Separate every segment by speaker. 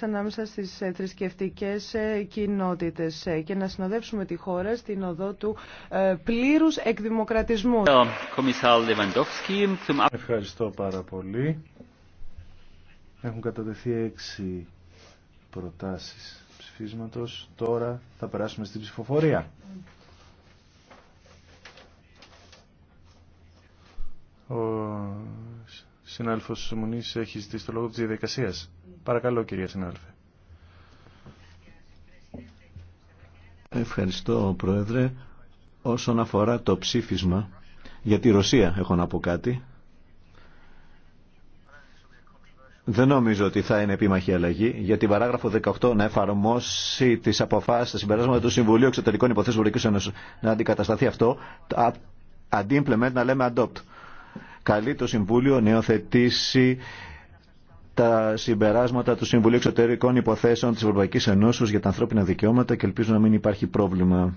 Speaker 1: ανάμεσα στις ε, θρησκευτικές ε, κοινότητες ε, και να συνοδεύσουμε τη χώρα στην οδό του πλήρους εκδημοκρατισμού. Ευχαριστώ πάρα πολύ. Έχουν κατατεθεί έξι προτάσεις ψηφίσματος. Τώρα θα περάσουμε στην ψηφοφορία. Ο συνάδελφος Μουνής έχει ζητήσει το λόγο της διαδικασίας. Παρακαλώ κυρία
Speaker 2: συνάδελφε. Ευχαριστώ Πρόεδρε. Όσον αφορά το ψήφισμα για τη Ρωσία έχω να πω κάτι. Δεν νομίζω ότι θα είναι επίμαχη αλλαγή. Για την παράγραφο 18 να εφαρμόσει τι αποφάσει, τα συμπεράσματα του Συμβουλίου Εξωτερικών Υποθέσεων Βορρική Ένωση να αντικατασταθεί αυτό. Αντί implement να λέμε adopt. Καλεί το Συμβούλιο να υιοθετήσει τα συμπεράσματα του Συμβουλίου Εξωτερικών Υποθέσεων της Ευρωπαϊκής Ενώσεως για τα ανθρώπινα δικαιώματα και ελπίζω να μην υπάρχει πρόβλημα.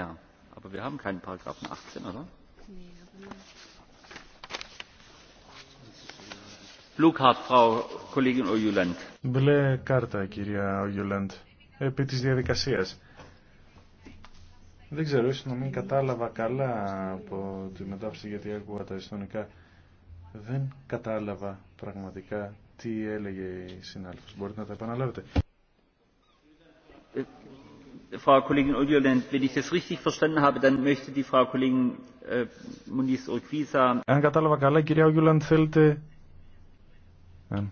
Speaker 2: Ja, aber wir haben keinen Paragraphen 18, oder?
Speaker 1: Nee, aber Μπλε κάρτα, κυρία Ογιουλέντ. επί της διαδικασίας. Δεν ξέρω, ίσως να μην κατάλαβα καλά από τη μετάφραση γιατί άκουγα τα ιστονικά. Δεν κατάλαβα πραγματικά
Speaker 2: τι έλεγε η συνάλφος. Μπορείτε να τα επαναλάβετε.
Speaker 1: Αν κατάλαβα καλά, κυρία Ογιουλαντ, θέλετε ε,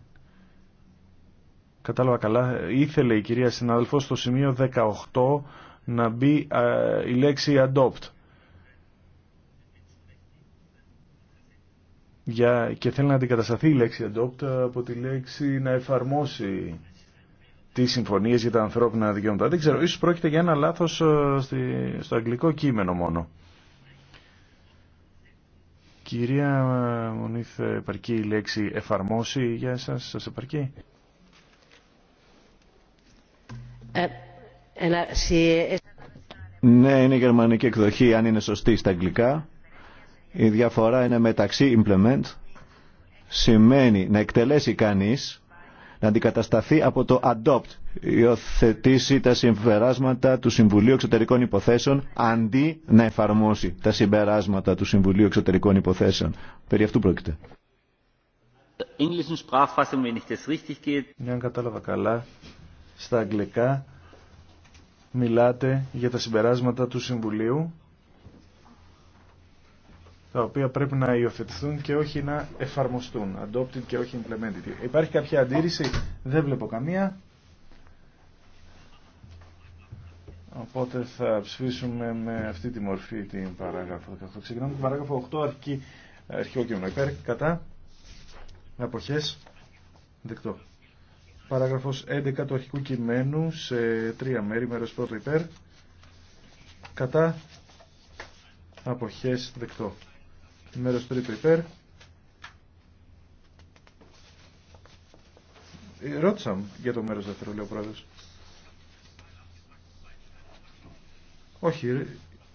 Speaker 1: κατάλαβα καλά, ήθελε η κυρία Συνάδελφο στο σημείο 18 να μπει ε, η λέξη adopt. Για, και θέλει να αντικατασταθεί η λέξη adopt ε, από τη λέξη να εφαρμόσει τι συμφωνίες για τα ανθρώπινα δικαιώματα. Δεν ξέρω, ίσως πρόκειται για ένα λάθος στο αγγλικό κείμενο μόνο. Κυρία Μονίθ, επαρκεί η λέξη εφαρμόσει για εσάς,
Speaker 2: σας επαρκεί. Ε, ναι, είναι η γερμανική εκδοχή, αν είναι σωστή στα αγγλικά. Η διαφορά είναι μεταξύ implement, σημαίνει να εκτελέσει κανείς να αντικατασταθεί από το adopt, υιοθετήσει τα συμπεράσματα του Συμβουλίου Εξωτερικών Υποθέσεων αντί να εφαρμόσει τα συμπεράσματα του Συμβουλίου Εξωτερικών Υποθέσεων. Περί αυτού πρόκειται. Ναι, αν κατάλαβα καλά, στα αγγλικά
Speaker 1: μιλάτε για τα συμπεράσματα του Συμβουλίου τα οποία πρέπει να υιοθετηθούν και όχι να εφαρμοστούν. Adopted και όχι implemented. Υπάρχει κάποια αντίρρηση, δεν βλέπω καμία. Οπότε θα ψηφίσουμε με αυτή τη μορφή την παράγραφο 18. Ξεκινάμε την παράγραφο 8, αρχή, αρχικό κείμενο. Υπέρ, κατά, αποχές, δεκτό. Παράγραφος 11 του αρχικού κειμένου σε τρία μέρη, μέρος πρώτο υπέρ, κατά, αποχές, δεκτό μέρος τρίτο υπέρ. Ε, ρώτησα για το μέρος δεύτερο, λέει ο Όχι,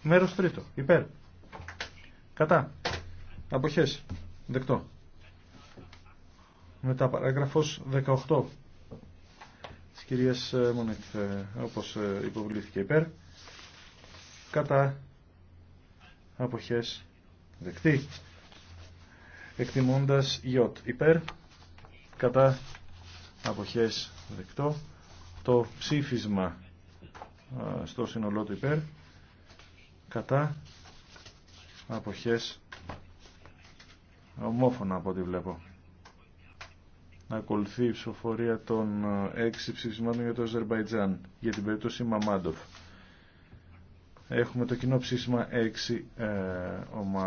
Speaker 1: μέρος τρίτο, υπέρ. Κατά. Αποχές. Δεκτό. Μετά παράγραφος 18 της κυρίας ε, Μονίτ, ε, όπως υποβλήθηκε υπέρ. Κατά. Αποχές. Δεκτή. Εκτιμώντας ΙΟΤ Υπέρ. Κατά. Αποχές. Δεκτό. Το ψήφισμα στο σύνολό του υπέρ. Κατά. Αποχές. Ομόφωνα από ό,τι βλέπω. Να ακολουθεί η ψηφοφορία των έξι ψηφισμάτων για το Αζερβαϊτζάν για την περίπτωση Μαμάντοφ. Έχουμε το κοινό ψήφισμα 6 ε,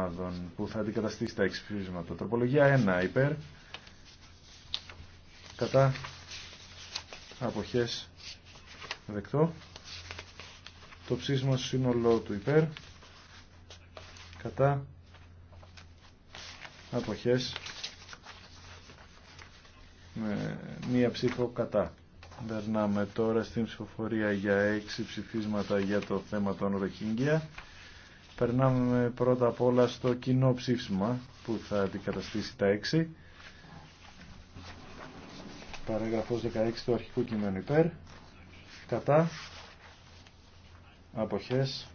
Speaker 1: ομάδων που θα αντικαταστήσει τα ψηφίσματα. Τροπολογία 1 υπέρ κατά αποχές δεκτό. Το ψήσιμο σύνολό του υπέρ κατά αποχές με μία ψήφο κατά. Περνάμε τώρα στην ψηφοφορία για έξι ψηφίσματα για το θέμα των Ροχίνγκια. Περνάμε πρώτα απ' όλα στο κοινό ψήφισμα που θα αντικαταστήσει τα 6. Παράγραφος 16 του αρχικού κειμένου υπέρ. Κατά. Αποχές.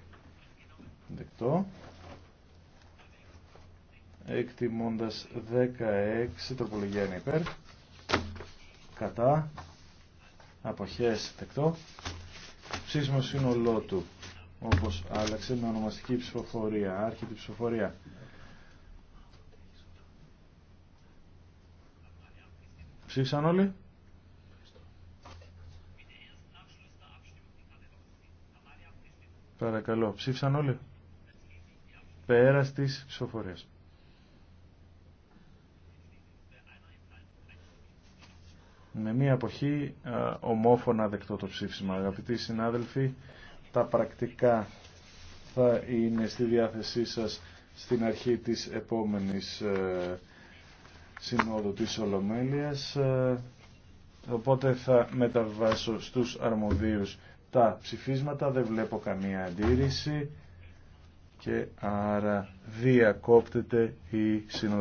Speaker 1: Δεκτό. Εκτιμώντας 16 τροπολογία είναι υπέρ. Κατά. Αποχές. Δεκτό. Ψήφισμα σύνολό του όπως άλλαξε με ονομαστική ψηφοφορία, άρχιτη ψηφοφορία. Ψήφισαν όλοι. Παρακαλώ, ψήφισαν όλοι. Πέρα τη ψηφοφορία. Με μία αποχή ομόφωνα δεκτό το ψήφισμα. Αγαπητοί συνάδελφοι, τα πρακτικά θα είναι στη διάθεσή σας στην αρχή της επόμενης ε, Συνόδου της Ολομέλειας. Ε, οπότε θα μεταβάσω στους αρμοδίους τα ψηφίσματα, δεν βλέπω καμία αντίρρηση και άρα διακόπτεται η συνοδού.